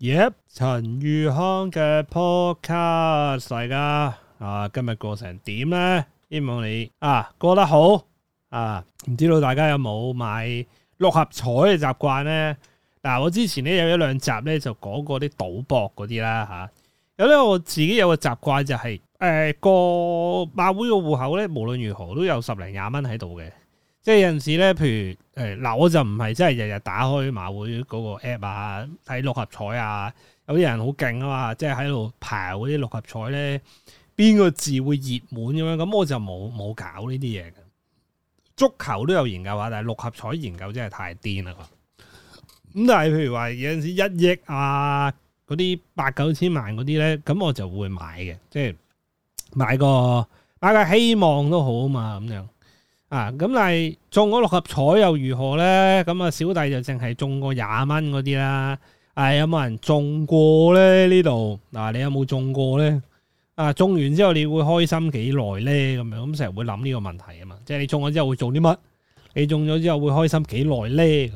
耶！陳宇康嘅 podcast 大家啊，今日過成點咧？希望你啊過得好啊！唔知道大家有冇買六合彩嘅習慣咧？嗱、啊，我之前咧有一兩集咧就講過啲賭博嗰啲啦吓、啊。有咧我自己有個習慣就係、是，誒、呃，個馬會個戶口咧無論如何都有十零廿蚊喺度嘅。即係有陣時咧，譬如誒，嗱，我就唔係真係日日打開馬會嗰個 app 啊，睇六合彩啊。有啲人好勁啊嘛，即係喺度刨嗰啲六合彩咧，邊個字會熱門咁樣？咁我就冇冇搞呢啲嘢嘅。足球都有研究下，但係六合彩研究真係太癲啦。咁但係譬如話有陣時一億啊，嗰啲八九千萬嗰啲咧，咁我就會買嘅，即係買個買個希望都好啊嘛，咁樣。啊！咁但係中咗六合彩又如何咧？咁啊小弟就淨係中過廿蚊嗰啲啦。啊、哎、有冇人中過咧？呢度嗱，你有冇中過咧？啊，中完之後你會開心幾耐咧？咁樣咁成日會諗呢個問題啊嘛。即係你中咗之後會做啲乜？你中咗之後會開心幾耐咧？咁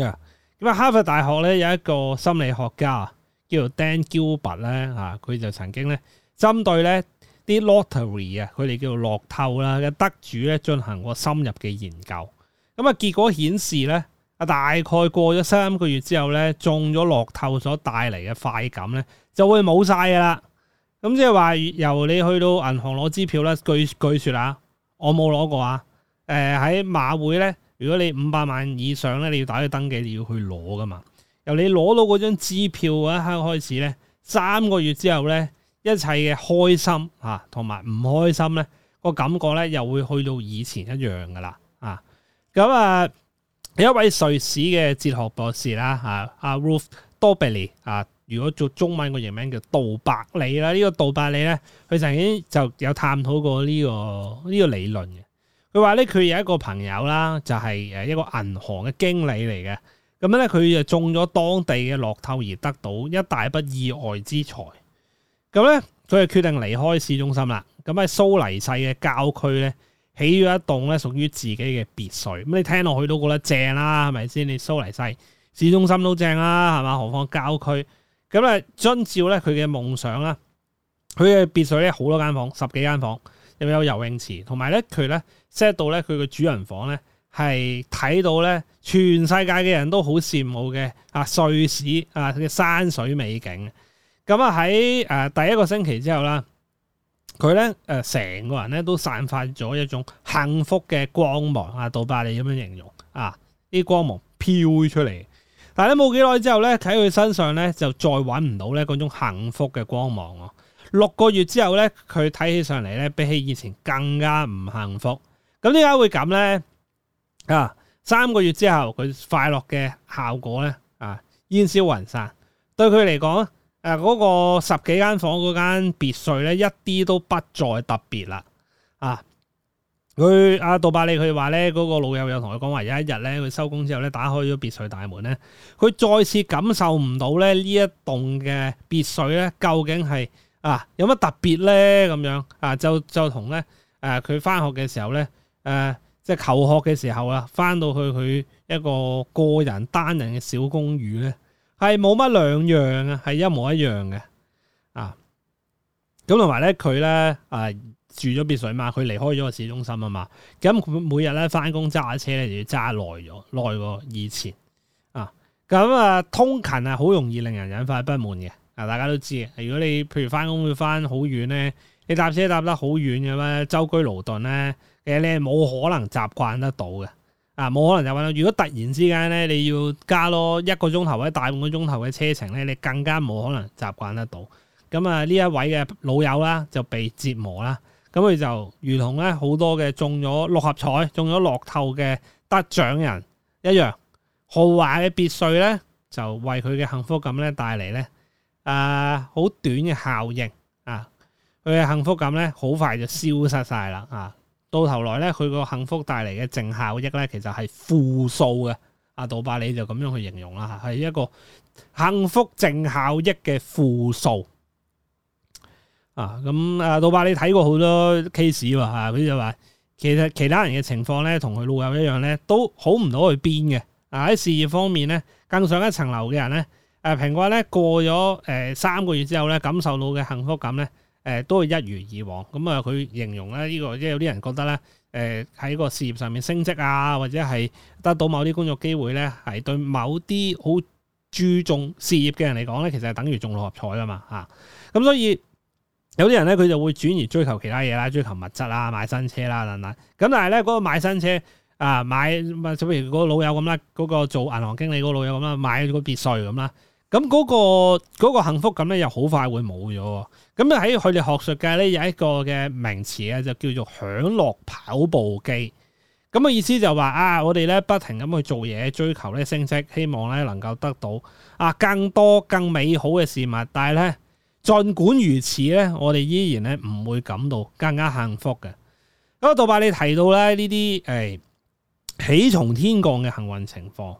樣啊？Yeah. 咁啊哈佛大學咧，有一個心理學家叫做 Dan Gilbert 咧，啊，佢就曾經咧針對咧。啲 lottery 啊，佢哋叫做樂透啦，嘅得主咧進行過深入嘅研究，咁啊結果顯示咧，啊大概過咗三個月之後咧，中咗樂透所帶嚟嘅快感咧就會冇晒噶啦，咁即係話由你去到銀行攞支票咧，據據説啊，我冇攞過啊，誒喺馬會咧，如果你五百萬以上咧，你要打去登記，你要去攞噶嘛，由你攞到嗰張支票嗰一刻開始咧，三個月之後咧，一切嘅開心啊，同埋唔開心咧，個感覺咧又會去到以前一樣噶啦啊！咁啊，有一位瑞士嘅哲學博士啦，啊阿 Rolf Dobelli 啊，如果做中文個譯名叫杜伯里啦。呢、啊這個杜伯里咧，佢曾經就有探討過呢、這個呢、這個理論嘅。佢話咧，佢有一個朋友啦，就係、是、誒一個銀行嘅經理嚟嘅。咁、啊、咧，佢就中咗當地嘅樂透而得到一大筆意外之財。咁咧，佢就決定離開市中心啦。咁喺蘇黎世嘅郊區咧，起咗一棟咧屬於自己嘅別墅。咁你聽落去都覺得正啦、啊，係咪先？你蘇黎世市中心都正啦、啊，係嘛？何況郊區？咁咧，遵照咧佢嘅夢想啦，佢嘅別墅咧好多間房，十幾間房，又有游泳池，同埋咧佢咧 set 到咧佢嘅主人房咧係睇到咧全世界嘅人都好羨慕嘅啊瑞士啊嘅山水美景。咁、嗯、啊，喺誒、呃、第一個星期之後啦，佢咧誒成個人咧都散發咗一種幸福嘅光芒啊，杜拜你咁樣形容啊，啲光芒飄出嚟。但係咧冇幾耐之後咧，喺佢身上咧就再搵唔到咧嗰種幸福嘅光芒、啊、六個月之後咧，佢睇起上嚟咧，比起以前更加唔幸福。咁點解會咁咧？啊，三個月之後佢快樂嘅效果咧啊煙消雲散，對佢嚟講。誒、啊、嗰、嗰個十幾間房嗰間別墅咧，一啲都不再特別啦。啊，佢阿杜拜裏，佢話咧，嗰個老友又同佢講話，有一日咧，佢收工之後咧，打開咗別墅大門咧，佢再次感受唔到咧呢這一棟嘅別墅咧，究竟係啊有乜特別咧？咁樣啊，就就同咧誒，佢、啊、翻學嘅時候咧，誒、啊、即、就、係、是、求學嘅時候啊，翻到去佢一個個人單人嘅小公寓咧。係冇乜兩樣啊，係一模一樣嘅啊。咁同埋咧，佢咧、啊、住咗別墅嘛，佢離開咗個市中心啊嘛。咁每日咧翻工揸車咧，就要揸耐咗，耐過以前啊。咁啊，通勤啊，好容易令人引發不滿嘅啊。大家都知，如果你譬如翻工會翻好遠咧，你搭車搭得好遠嘅咩，周居勞頓咧，誒，你係冇可能習慣得到嘅。啊，冇可能就咁到，如果突然之間咧，你要加咯一個鐘頭或者大半個鐘頭嘅車程咧，你更加冇可能習慣得到。咁啊，呢一位嘅老友啦，就被折磨啦。咁佢就如同咧好多嘅中咗六合彩、中咗樂透嘅得獎人一樣，豪華嘅別墅咧，就為佢嘅幸福感咧帶嚟咧，誒、啊、好短嘅效應啊！佢嘅幸福感咧，好快就消失晒啦、啊。到頭來咧，佢個幸福帶嚟嘅淨效益咧，其實係負數嘅。阿杜伯利就咁樣去形容啦吓，係一個幸福淨效益嘅負數。啊，咁阿杜伯利睇過好多 case 喎吓，佢就話其實其他人嘅情況咧，同佢老友一樣咧，都好唔到去邊嘅。啊喺事業方面咧，更上一層樓嘅人咧，誒，平均咧過咗誒三個月之後咧，感受到嘅幸福感咧。誒都會一如以往咁啊！佢形容咧、這個，呢個即係有啲人覺得咧，誒喺個事業上面升職啊，或者係得到某啲工作機會咧，係對某啲好注重事業嘅人嚟講咧，其實係等於中六合彩啊嘛嚇！咁所以有啲人咧，佢就會轉而追求其他嘢啦，追求物質啦，買新車啦等等。咁但係咧，嗰個買新車啊，買咪就譬如嗰老友咁啦，嗰、嗰個做銀行經理嗰老友咁啦，買咗個別墅咁啦。咁、那、嗰個嗰、那個、幸福感咧，又好快會冇咗喎。咁喺佢哋學術界咧，有一個嘅名詞啊，就叫做享樂跑步機。咁嘅、那個、意思就話、是、啊，我哋咧不停咁去做嘢，追求咧升職，希望咧能夠得到啊更多更美好嘅事物。但係咧，儘管如此咧，我哋依然咧唔會感到更加幸福嘅。咁杜伯你提到咧呢啲誒喜從天降嘅幸運情況。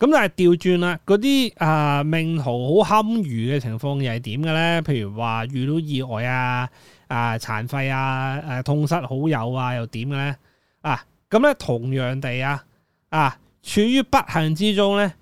咁但係調轉啦，嗰啲啊命途好坎坷嘅情況又係點嘅咧？譬如話遇到意外啊、啊殘廢啊、誒、啊、痛失好友啊，又點嘅咧？啊咁咧、嗯，同樣地啊啊，處於不幸之中咧，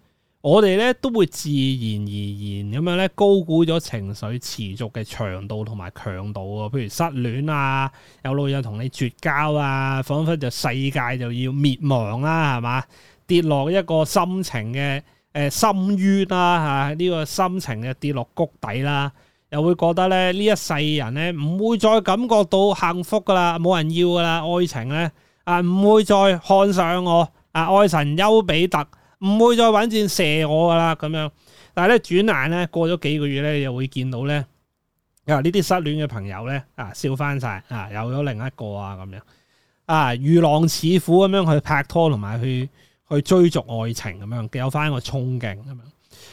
我哋咧都會自然而然咁樣咧高估咗情緒持續嘅長度同埋強度啊，譬如失戀啊，有老友同你絕交啊，仿佛就世界就要滅亡啦、啊，係嘛？跌落一個心情嘅誒深淵啦、啊、嚇，呢、啊呢個心情嘅跌落谷底啦、啊，又會覺得咧呢一世人咧唔會再感覺到幸福噶啦，冇人要噶啦，愛情咧啊唔會再看上我啊，愛神丘比特唔會再揾箭射我噶啦咁樣。但係咧轉眼咧過咗幾個月咧，你又會見到咧啊呢啲失戀嘅朋友咧啊笑翻晒，啊，又、啊啊、有另一個啊咁樣啊如狼似虎咁樣去拍拖同埋去。去追逐愛情咁樣，有翻一個憧憬。咁樣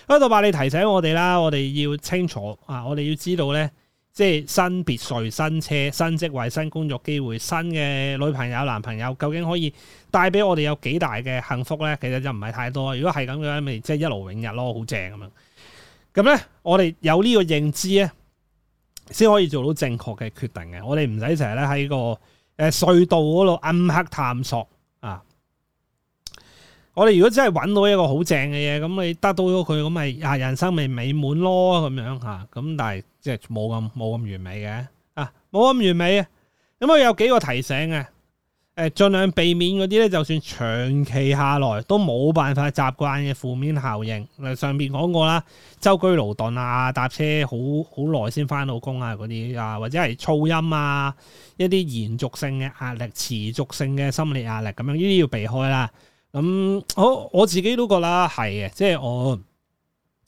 喺度伯，你提醒我哋啦，我哋要清楚啊！我哋要知道呢即係新別墅、新車、新職位、新工作機會、新嘅女朋友、男朋友，究竟可以帶俾我哋有幾大嘅幸福呢？其實就唔係太多。如果係咁嘅咪即係一勞永逸咯，好正咁樣。咁呢，我哋有呢個認知呢先可以做到正確嘅決定嘅。我哋唔使成日咧喺個隧道嗰度暗黑探索。我哋如果真係揾到一個好正嘅嘢，咁你得到咗佢，咁咪啊人生咪美滿咯咁樣嚇，咁但係即係冇咁冇咁完美嘅啊，冇咁完美啊，咁我有幾個提醒嘅，誒，儘量避免嗰啲咧，就算長期下來都冇辦法習慣嘅負面效應。嗱，上邊講過啦，周居勞頓啊，搭車好好耐先翻到工啊嗰啲啊，或者係噪音啊，一啲延續性嘅壓力、持續性嘅心理壓力咁樣，呢啲要避開啦。咁、嗯、好，我自己都覺得，係嘅，即、就、係、是、我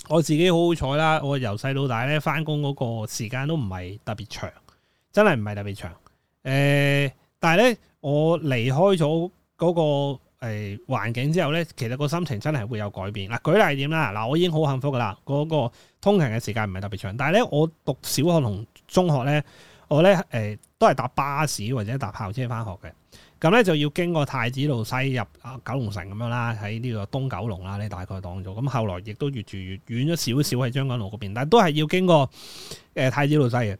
我自己好好彩啦。我由細到大咧，翻工嗰個時間都唔係特別長，真係唔係特別長。誒、呃，但係咧，我離開咗嗰、那個誒環、呃、境之後咧，其實個心情真係會有改變。嗱，舉例點啦，嗱，我已經好幸福噶啦，嗰、那個通勤嘅時間唔係特別長，但係咧，我讀小學同中學咧。我咧、呃、都係搭巴士或者搭校車翻學嘅，咁咧就要經過太子道西入啊九龍城咁樣啦，喺呢個東九龍啦，你大概當咗。咁後來亦都越住越遠咗少少喺將軍澳嗰邊，但係都係要經過、呃、太子道西嘅。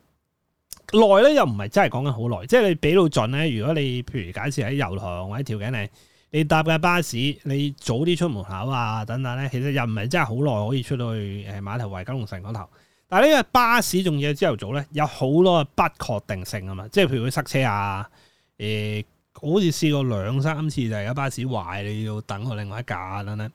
耐咧又唔係真係講緊好耐，即係你俾到盡咧。如果你譬如假設喺油塘或者調景嶺，你搭嘅巴士，你早啲出門口啊等等咧，其實又唔係真係好耐可以出到去誒馬頭圍九龍城嗰頭。但係呢個巴士仲要朝頭早咧，有好多嘅不確定性啊嘛！即係譬如佢塞車啊，誒、欸，好似試過兩三次就係、係、有巴士壞，你要等個另外一架等咧。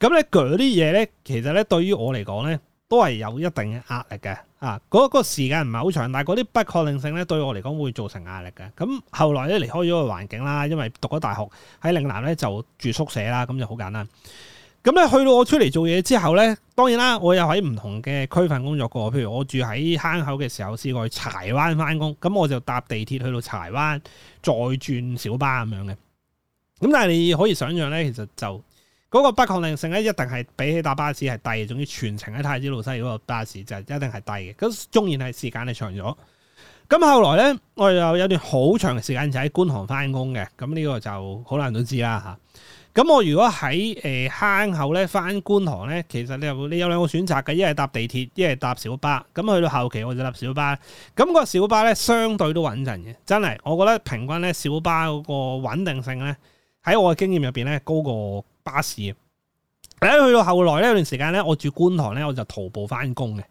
咁咧嗰啲嘢咧，其實咧對於我嚟講咧，都係有一定嘅壓力嘅。啊，嗰個時間唔係好長，但係嗰啲不確定性咧，對我嚟講會造成壓力嘅。咁後來咧離開咗個環境啦，因為讀咗大學喺嶺南咧就住宿舍啦，咁就好簡單。.咁咧去到我出嚟做嘢之後呢，當然啦，我又喺唔同嘅區份工作過。譬如我住喺坑口嘅時候，試過去柴灣翻工，咁我就搭地鐵去到柴灣，再轉小巴咁樣嘅。咁但係你可以想象呢，其實就嗰個不確定性咧，一定係比起搭巴士係低。總之全程喺太子路西嗰個巴士就一定係低嘅。咁縱然係時間係長咗。咁後來咧，我又有段好長嘅時間就喺觀塘翻工嘅，咁呢個就好難都知啦嚇。咁我如果喺誒坑口咧翻觀塘咧，其實你又你有兩個選擇嘅，一係搭地鐵，一係搭小巴。咁去到後期我就搭小巴，咁個小巴咧相對都穩陣嘅，真係。我覺得平均咧小巴嗰個穩定性咧喺我嘅經驗入面咧高過巴士。喺去到後來呢段時間咧，我住觀塘咧我就徒步翻工嘅，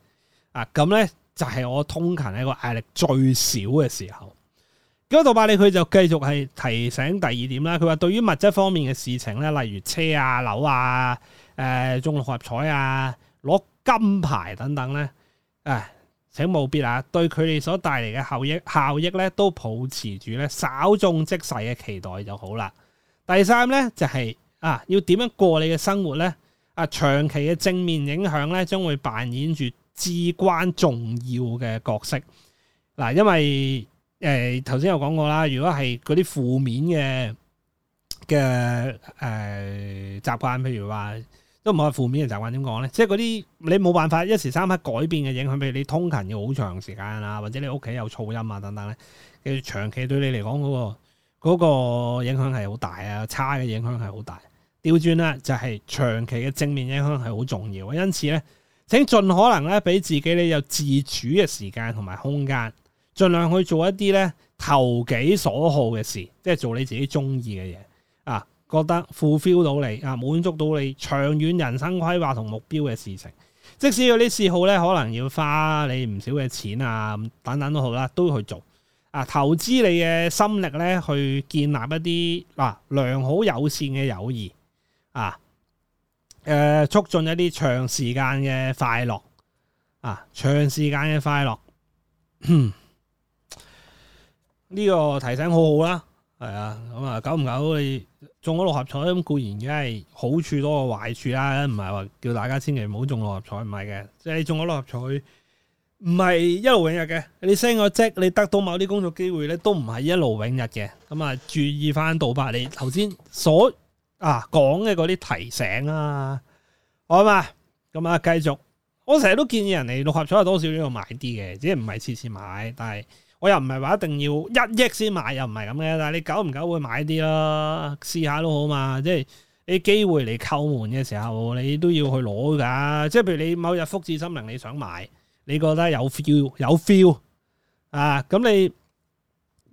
啊咁咧。就係、是、我通勤喺個壓力最少嘅時候，咁阿杜拜利佢就繼續係提醒第二點啦。佢話對於物質方面嘅事情咧，例如車啊、樓啊、誒、呃、中六合彩啊、攞金牌等等咧，誒請務必啊，對佢哋所帶嚟嘅效益效益咧，都抱持住咧稍縱即逝嘅期待就好啦。第三咧就係、是、啊，要點樣過你嘅生活咧？啊，長期嘅正面影響咧，將會扮演住至關重要嘅角色，嗱，因為誒頭先有講過啦，如果係嗰啲負面嘅嘅誒習慣，譬如話都唔係負面嘅習慣，點講咧？即係嗰啲你冇辦法一時三刻改變嘅影響，譬如你通勤要好長時間啊，或者你屋企有噪音啊等等咧，嘅長期對你嚟講嗰個、嗰個影響係好大啊，差嘅影響係好大。調轉啦，就係長期嘅正面影響係好重要，因此咧。請盡可能咧俾自己咧有自主嘅時間同埋空間，盡量去做一啲咧投己所好嘅事，即係做你自己中意嘅嘢啊，覺得 fulfill 到你啊，滿足到你長遠人生規劃同目標嘅事情。即使要啲嗜好咧，可能要花你唔少嘅錢啊，等等都好啦，都要去做啊。投資你嘅心力咧，去建立一啲嗱、啊、良好友善嘅友誼啊。誒，促進一啲長時間嘅快樂啊，長時間嘅快樂，呢個提醒好好啦，係啊，咁啊，久唔久你中咗六合彩咁固然而係好處多過壞處啦，唔係話叫大家千祈唔好中六合彩唔係嘅，即係你中咗六合彩唔係一勞永逸嘅，你升個職你得到某啲工作機會咧都唔係一勞永逸嘅，咁啊注意翻杜伯你頭先所。啊，講嘅嗰啲提醒啊，好嘛？咁啊，繼續。我成日都建議人哋六合彩有多少都要買啲嘅，即係唔係次次買，但係我又唔係話一定要一億先買，又唔係咁嘅。但係你久唔久會買啲咯，試下都好嘛。即係你機會嚟叩門嘅時候，你都要去攞㗎。即係譬如你某日福至心靈，你想買，你覺得有 feel，有 feel 啊，咁你。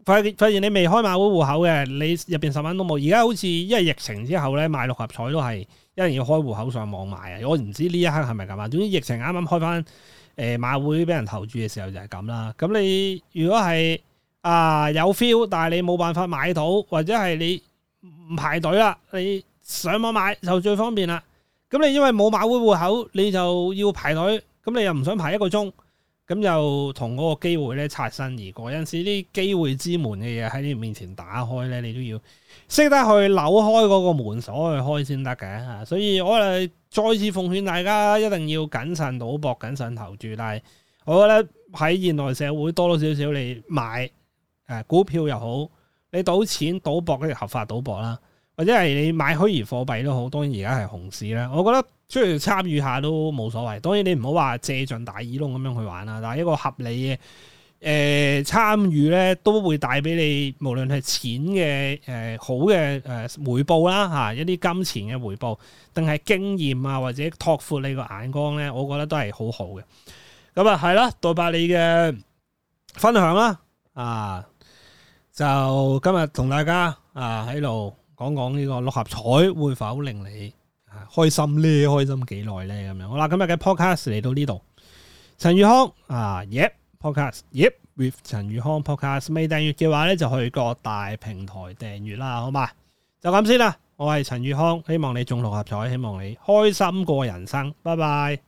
發發現你未開馬會戶口嘅，你入邊十蚊都冇。而家好似因為疫情之後咧，買六合彩都係一定要開戶口上網買啊！我唔知呢一刻係咪咁啊。總之疫情啱啱開翻，誒馬會俾人投注嘅時候就係咁啦。咁你如果係啊有 feel，但係你冇辦法買到，或者係你唔排隊啦，你上網買就最方便啦。咁你因為冇馬會戶口，你就要排隊，咁你又唔想排一個鐘。咁又同嗰個機會咧擦身而過。有陣時啲機會之門嘅嘢喺你面前打開咧，你都要識得去扭開嗰個門鎖，去開先得嘅吓。所以我哋再次奉勸大家一定要謹慎賭博、謹慎投注。但係我覺得喺現代社會多多少少你買、啊、股票又好，你賭錢賭博咧合法賭博啦，或者係你買虛擬貨幣都好。當然而家係熊市啦，我覺得。出嚟參與下都冇所謂，當然你唔好話借盡大耳窿咁樣去玩啦，但係一個合理嘅，誒、呃、參與咧，都會帶俾你無論係錢嘅，誒、呃、好嘅，誒回報啦吓，一啲金錢嘅回報，定，啊、係經驗啊或者拓闊你個眼光呢，我覺得都係好好嘅。咁啊係啦，多謝你嘅分享啦，啊，啊就今日同大家啊喺度講講呢個六合彩會否令你？開心咧，開心幾耐咧咁樣。好啦，今日嘅 podcast 嚟到呢度。陳宇康啊，yep, podcast，yep, with 陳宇康 podcast。未訂閱嘅話咧，就去各大平台訂閱啦，好嘛？就咁先啦。我係陳宇康，希望你中六合彩，希望你開心過人生。拜拜。